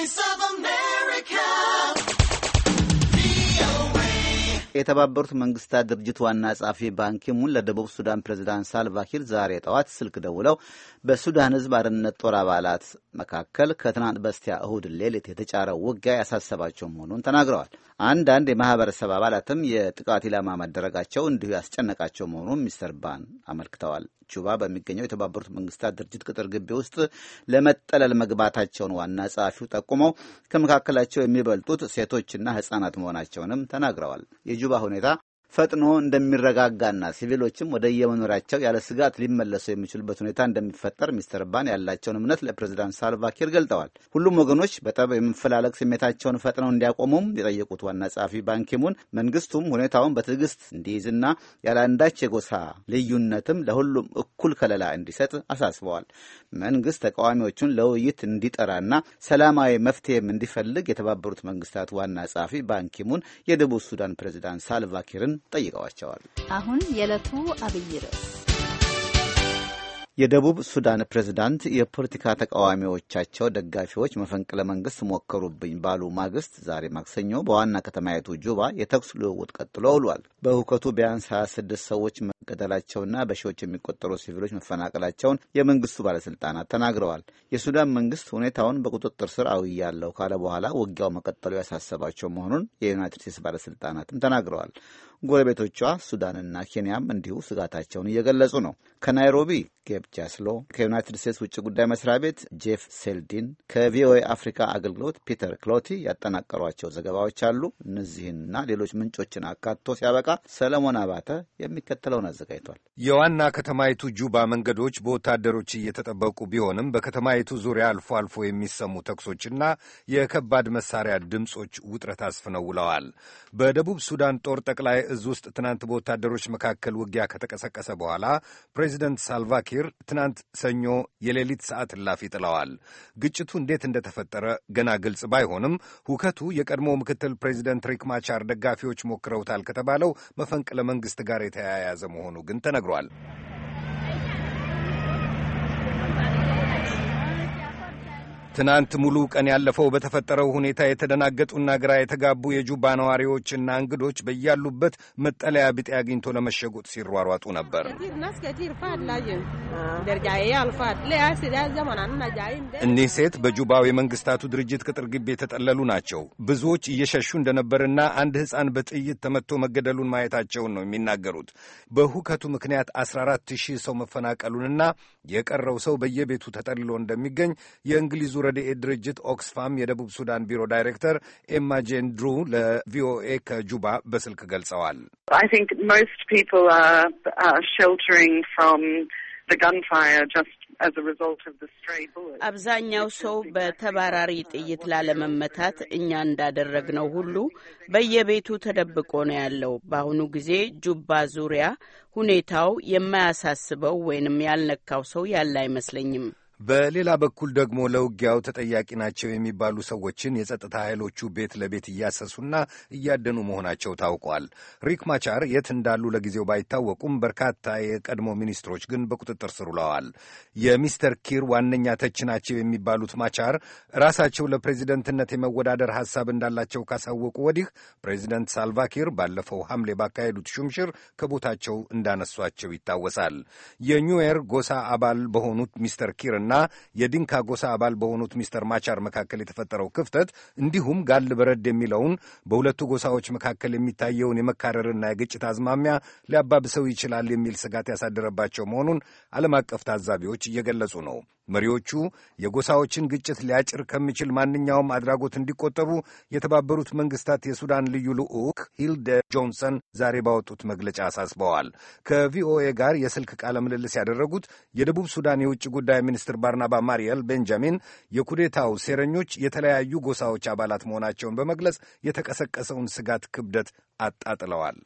Voice of America. የተባበሩት መንግስታት ድርጅት ዋና ጸሐፊ ባንኪሙን ለደቡብ ሱዳን ፕሬዚዳንት ሳልቫኪር ዛሬ ጠዋት ስልክ ደውለው በሱዳን ህዝብ አርነት ጦር አባላት መካከል ከትናንት በስቲያ እሁድ ሌሊት የተጫረው ውጊያ ያሳሰባቸው መሆኑን ተናግረዋል። አንዳንድ የማህበረሰብ አባላትም የጥቃት ኢላማ መደረጋቸው እንዲሁ ያስጨነቃቸው መሆኑን ሚስተር ባን አመልክተዋል። ጁባ በሚገኘው የተባበሩት መንግስታት ድርጅት ቅጥር ግቢ ውስጥ ለመጠለል መግባታቸውን ዋና ጸሐፊው ጠቁመው ከመካከላቸው የሚበልጡት ሴቶችና ህጻናት መሆናቸውንም ተናግረዋል። bajo ፈጥኖ እንደሚረጋጋና ሲቪሎችም ወደ የመኖሪያቸው ያለ ስጋት ሊመለሱ የሚችሉበት ሁኔታ እንደሚፈጠር ሚስተር ባን ያላቸውን እምነት ለፕሬዚዳንት ሳልቫኪር ገልጠዋል። ሁሉም ወገኖች በጠብ የመፈላለግ ስሜታቸውን ፈጥነው እንዲያቆሙም የጠየቁት ዋና ጸሐፊ ባንኪሙን መንግስቱም ሁኔታውን በትዕግስት እንዲይዝና ያለ አንዳች የጎሳ ልዩነትም ለሁሉም እኩል ከለላ እንዲሰጥ አሳስበዋል። መንግስት ተቃዋሚዎቹን ለውይይት እንዲጠራና ሰላማዊ መፍትሄም እንዲፈልግ የተባበሩት መንግስታት ዋና ጸሐፊ ባንኪሙን የደቡብ ሱዳን ፕሬዚዳንት ሳልቫኪርን ጠይቀዋቸዋል። አሁን የዕለቱ አብይ ርዕስ የደቡብ ሱዳን ፕሬዝዳንት የፖለቲካ ተቃዋሚዎቻቸው ደጋፊዎች መፈንቅለ መንግስት ሞከሩብኝ ባሉ ማግስት ዛሬ ማክሰኞ በዋና ከተማይቱ ጁባ የተኩስ ልውውጥ ቀጥሎ ውሏል። በሁከቱ ቢያንስ 26 ሰዎች መገደላቸውና በሺዎች የሚቆጠሩ ሲቪሎች መፈናቀላቸውን የመንግስቱ ባለስልጣናት ተናግረዋል። የሱዳን መንግስት ሁኔታውን በቁጥጥር ስር አውያለሁ ካለ በኋላ ውጊያው መቀጠሉ ያሳሰባቸው መሆኑን የዩናይትድ ስቴትስ ባለስልጣናትም ተናግረዋል። ጎረቤቶቿ ሱዳንና ኬንያም እንዲሁ ስጋታቸውን እየገለጹ ነው። ከናይሮቢ ጌብ ጃስሎ፣ ከዩናይትድ ስቴትስ ውጭ ጉዳይ መስሪያ ቤት ጄፍ ሴልዲን፣ ከቪኦኤ አፍሪካ አገልግሎት ፒተር ክሎቲ ያጠናቀሯቸው ዘገባዎች አሉ። እነዚህንና ሌሎች ምንጮችን አካቶ ሲያበቃ ሰለሞን አባተ የሚከተለውን አዘጋጅ አዘጋጅቷል። የዋና ከተማይቱ ጁባ መንገዶች በወታደሮች እየተጠበቁ ቢሆንም በከተማይቱ ዙሪያ አልፎ አልፎ የሚሰሙ ተኩሶችና የከባድ መሳሪያ ድምፆች ውጥረት አስፍነው ውለዋል። በደቡብ ሱዳን ጦር ጠቅላይ እዝ ውስጥ ትናንት በወታደሮች መካከል ውጊያ ከተቀሰቀሰ በኋላ ፕሬዚደንት ሳልቫኪር ትናንት ሰኞ የሌሊት ሰዓት እላፊ ጥለዋል። ግጭቱ እንዴት እንደተፈጠረ ገና ግልጽ ባይሆንም ሁከቱ የቀድሞ ምክትል ፕሬዚደንት ሪክ ማቻር ደጋፊዎች ሞክረውታል ከተባለው መፈንቅለ መንግስት ጋር የተያያዘ መሆኑ መሆኑ ግን ተነግሯል። ትናንት ሙሉ ቀን ያለፈው በተፈጠረው ሁኔታ የተደናገጡና ግራ የተጋቡ የጁባ ነዋሪዎችና እንግዶች በያሉበት መጠለያ ቢጤ አግኝቶ ለመሸጎጥ ሲሯሯጡ ነበር። እኒህ ሴት በጁባው የመንግስታቱ ድርጅት ቅጥር ግቢ የተጠለሉ ናቸው። ብዙዎች እየሸሹ እንደነበርና አንድ ሕፃን በጥይት ተመቶ መገደሉን ማየታቸውን ነው የሚናገሩት። በሁከቱ ምክንያት 14 ሺህ ሰው መፈናቀሉንና የቀረው ሰው በየቤቱ ተጠልሎ እንደሚገኝ የእንግሊዙ ረድኤት ድርጅት ኦክስፋም የደቡብ ሱዳን ቢሮ ዳይሬክተር ኤማ ጄን ድሩ ለቪኦኤ ከጁባ በስልክ ገልጸዋል። አብዛኛው ሰው በተባራሪ ጥይት ላለመመታት እኛ እንዳደረግነው ሁሉ በየቤቱ ተደብቆ ነው ያለው። በአሁኑ ጊዜ ጁባ ዙሪያ ሁኔታው የማያሳስበው ወይንም ያልነካው ሰው ያለ አይመስለኝም። በሌላ በኩል ደግሞ ለውጊያው ተጠያቂ ናቸው የሚባሉ ሰዎችን የጸጥታ ኃይሎቹ ቤት ለቤት እያሰሱና እያደኑ መሆናቸው ታውቋል። ሪክ ማቻር የት እንዳሉ ለጊዜው ባይታወቁም በርካታ የቀድሞ ሚኒስትሮች ግን በቁጥጥር ስር ውለዋል። የሚስተር ኪር ዋነኛ ተች ናቸው የሚባሉት ማቻር ራሳቸው ለፕሬዚደንትነት የመወዳደር ሐሳብ እንዳላቸው ካሳወቁ ወዲህ ፕሬዚደንት ሳልቫኪር ባለፈው ሐምሌ ባካሄዱት ሹምሽር ከቦታቸው እንዳነሷቸው ይታወሳል። የኒውዌር ጎሳ አባል በሆኑት ሚስተር ኪርና እና የዲንካ ጎሳ አባል በሆኑት ሚስተር ማቻር መካከል የተፈጠረው ክፍተት እንዲሁም ጋል በረድ የሚለውን በሁለቱ ጎሳዎች መካከል የሚታየውን የመካረርና የግጭት አዝማሚያ ሊያባብሰው ይችላል የሚል ስጋት ያሳደረባቸው መሆኑን ዓለም አቀፍ ታዛቢዎች እየገለጹ ነው። መሪዎቹ የጎሳዎችን ግጭት ሊያጭር ከሚችል ማንኛውም አድራጎት እንዲቆጠቡ የተባበሩት መንግስታት የሱዳን ልዩ ልዑክ ሂልደ ጆንሰን ዛሬ ባወጡት መግለጫ አሳስበዋል። ከቪኦኤ ጋር የስልክ ቃለ ምልልስ ያደረጉት የደቡብ ሱዳን የውጭ ጉዳይ ሚኒስትር ባርናባ ማሪየል ቤንጃሚን የኩዴታው ሴረኞች የተለያዩ ጎሳዎች አባላት መሆናቸውን በመግለጽ የተቀሰቀሰውን ስጋት ክብደት አጣጥለዋል።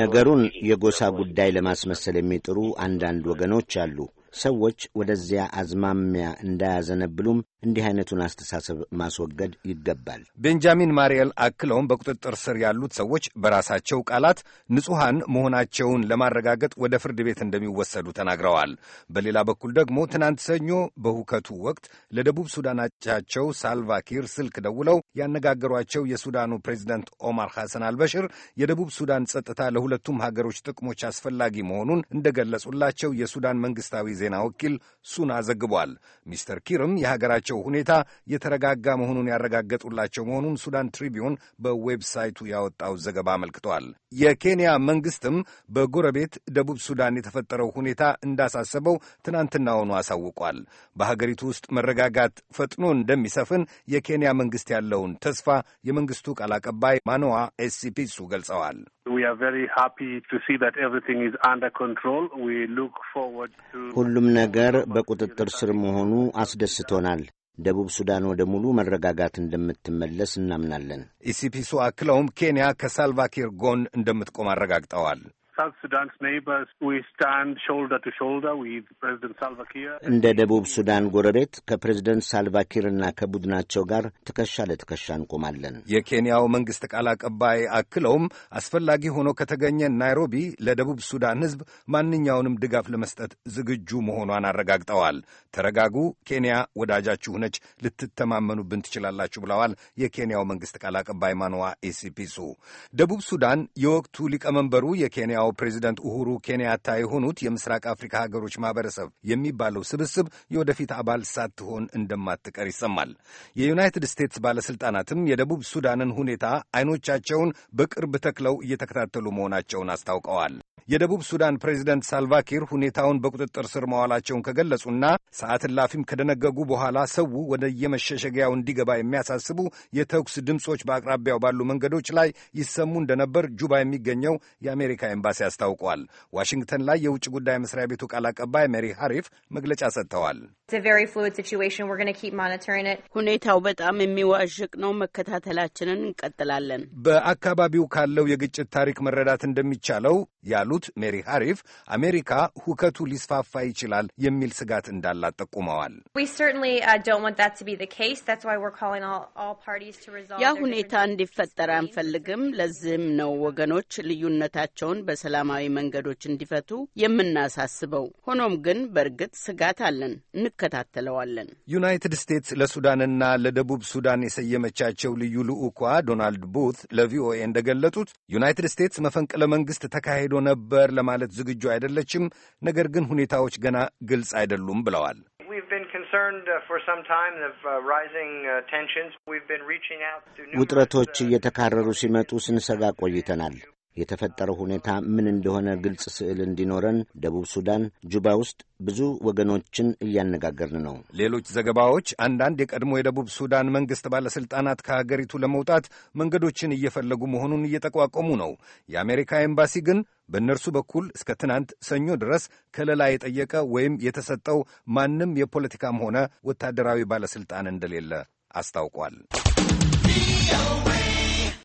ነገሩን የጎሳ ጉዳይ ለማስመሰል የሚጥሩ አንዳንድ ወገኖች አሉ። ሰዎች ወደዚያ አዝማሚያ እንዳያዘነብሉም እንዲህ አይነቱን አስተሳሰብ ማስወገድ ይገባል። ቤንጃሚን ማርኤል አክለውም በቁጥጥር ስር ያሉት ሰዎች በራሳቸው ቃላት ንጹሐን መሆናቸውን ለማረጋገጥ ወደ ፍርድ ቤት እንደሚወሰዱ ተናግረዋል። በሌላ በኩል ደግሞ ትናንት ሰኞ በሁከቱ ወቅት ለደቡብ ሱዳን አቻቸው ሳልቫኪር ስልክ ደውለው ያነጋገሯቸው የሱዳኑ ፕሬዚደንት ኦማር ሐሰን አልበሽር የደቡብ ሱዳን ጸጥታ ለሁለቱም ሀገሮች ጥቅሞች አስፈላጊ መሆኑን እንደገለጹላቸው የሱዳን መንግስታዊ ዜና ወኪል ሱና ዘግቧል። ሚስተር ኪርም የሀገራቸው ሁኔታ የተረጋጋ መሆኑን ያረጋገጡላቸው መሆኑን ሱዳን ትሪቢዩን በዌብሳይቱ ያወጣው ዘገባ አመልክቷል። የኬንያ መንግስትም በጎረቤት ደቡብ ሱዳን የተፈጠረው ሁኔታ እንዳሳሰበው ትናንትናውኑ አሳውቋል። በሀገሪቱ ውስጥ መረጋጋት ፈጥኖ እንደሚሰፍን የኬንያ መንግስት ያለውን ተስፋ የመንግስቱ ቃል አቀባይ ማኖዋ ኤስሲፒሱ ገልጸዋል። ሁሉም ነገር በቁጥጥር ስር መሆኑ አስደስቶናል። ደቡብ ሱዳን ወደ ሙሉ መረጋጋት እንደምትመለስ እናምናለን። ኢሲፒሱ አክለውም ኬንያ ከሳልቫኪር ጎን እንደምትቆም አረጋግጠዋል። እንደ ደቡብ ሱዳን ጎረቤት ከፕሬዝደንት ሳልቫኪርና ከቡድናቸው ጋር ትከሻ ለትከሻ እንቆማለን። የኬንያው መንግሥት ቃል አቀባይ አክለውም አስፈላጊ ሆኖ ከተገኘ ናይሮቢ ለደቡብ ሱዳን ሕዝብ ማንኛውንም ድጋፍ ለመስጠት ዝግጁ መሆኗን አረጋግጠዋል። ተረጋጉ፣ ኬንያ ወዳጃችሁ ነች፣ ልትተማመኑብን ትችላላችሁ ብለዋል። የኬንያው መንግሥት ቃል አቀባይ ማኑዋ ኤሲፒሱ ደቡብ ሱዳን የወቅቱ ሊቀመንበሩ የኬንያ የኬንያው ፕሬዚደንት ኡሁሩ ኬንያታ የሆኑት የምስራቅ አፍሪካ ሀገሮች ማህበረሰብ የሚባለው ስብስብ የወደፊት አባል ሳትሆን እንደማትቀር ይሰማል። የዩናይትድ ስቴትስ ባለስልጣናትም የደቡብ ሱዳንን ሁኔታ አይኖቻቸውን በቅርብ ተክለው እየተከታተሉ መሆናቸውን አስታውቀዋል። የደቡብ ሱዳን ፕሬዚደንት ሳልቫኪር ሁኔታውን በቁጥጥር ስር መዋላቸውን ከገለጹና ሰዓት እላፊም ከደነገጉ በኋላ ሰው ወደ የመሸሸጊያው እንዲገባ የሚያሳስቡ የተኩስ ድምፆች በአቅራቢያው ባሉ መንገዶች ላይ ይሰሙ እንደነበር ጁባ የሚገኘው የአሜሪካ ኤምባሲ አስታውቋል። ዋሽንግተን ላይ የውጭ ጉዳይ መስሪያ ቤቱ ቃል አቀባይ ሜሪ ሀሪፍ መግለጫ ሰጥተዋል። ሁኔታው በጣም የሚዋዥቅ ነው፣ መከታተላችንን እንቀጥላለን። በአካባቢው ካለው የግጭት ታሪክ መረዳት እንደሚቻለው ያሉ የዋሉት ሜሪ ሃሪፍ አሜሪካ ሁከቱ ሊስፋፋ ይችላል የሚል ስጋት እንዳላት ጠቁመዋል። uh, ያ ሁኔታ እንዲፈጠር አንፈልግም። ለዚህም ነው ወገኖች ልዩነታቸውን በሰላማዊ መንገዶች እንዲፈቱ የምናሳስበው። ሆኖም ግን በእርግጥ ስጋት አለን፣ እንከታተለዋለን። ዩናይትድ ስቴትስ ለሱዳንና ለደቡብ ሱዳን የሰየመቻቸው ልዩ ልዑኳ ዶናልድ ቡት ለቪኦኤ እንደገለጡት ዩናይትድ ስቴትስ መፈንቅለ መንግስት ተካሂዶ ነበር ነበር ለማለት ዝግጁ አይደለችም፣ ነገር ግን ሁኔታዎች ገና ግልጽ አይደሉም ብለዋል። uh, uh, uh, ውጥረቶች እየተካረሩ ሲመጡ ስንሰጋ ቆይተናል። የተፈጠረው ሁኔታ ምን እንደሆነ ግልጽ ስዕል እንዲኖረን ደቡብ ሱዳን ጁባ ውስጥ ብዙ ወገኖችን እያነጋገርን ነው። ሌሎች ዘገባዎች አንዳንድ የቀድሞ የደቡብ ሱዳን መንግሥት ባለሥልጣናት ከሀገሪቱ ለመውጣት መንገዶችን እየፈለጉ መሆኑን እየጠቋቆሙ ነው። የአሜሪካ ኤምባሲ ግን በእነርሱ በኩል እስከ ትናንት ሰኞ ድረስ ከለላ የጠየቀ ወይም የተሰጠው ማንም የፖለቲካም ሆነ ወታደራዊ ባለሥልጣን እንደሌለ አስታውቋል።